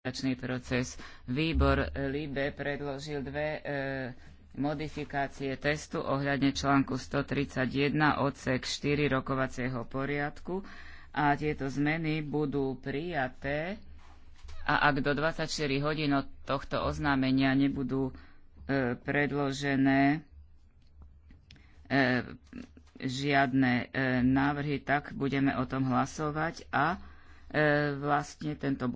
ratifikačný proces. Výbor eh, LIBE predložil dve e, modifikácie testu ohľadne článku 131 odsek 4 rokovacieho poriadku a tieto zmeny budú prijaté a ak do 24 hodín od tohto oznámenia nebudú e, predložené e, žiadne e, návrhy, tak budeme o tom hlasovať a e, vlastne tento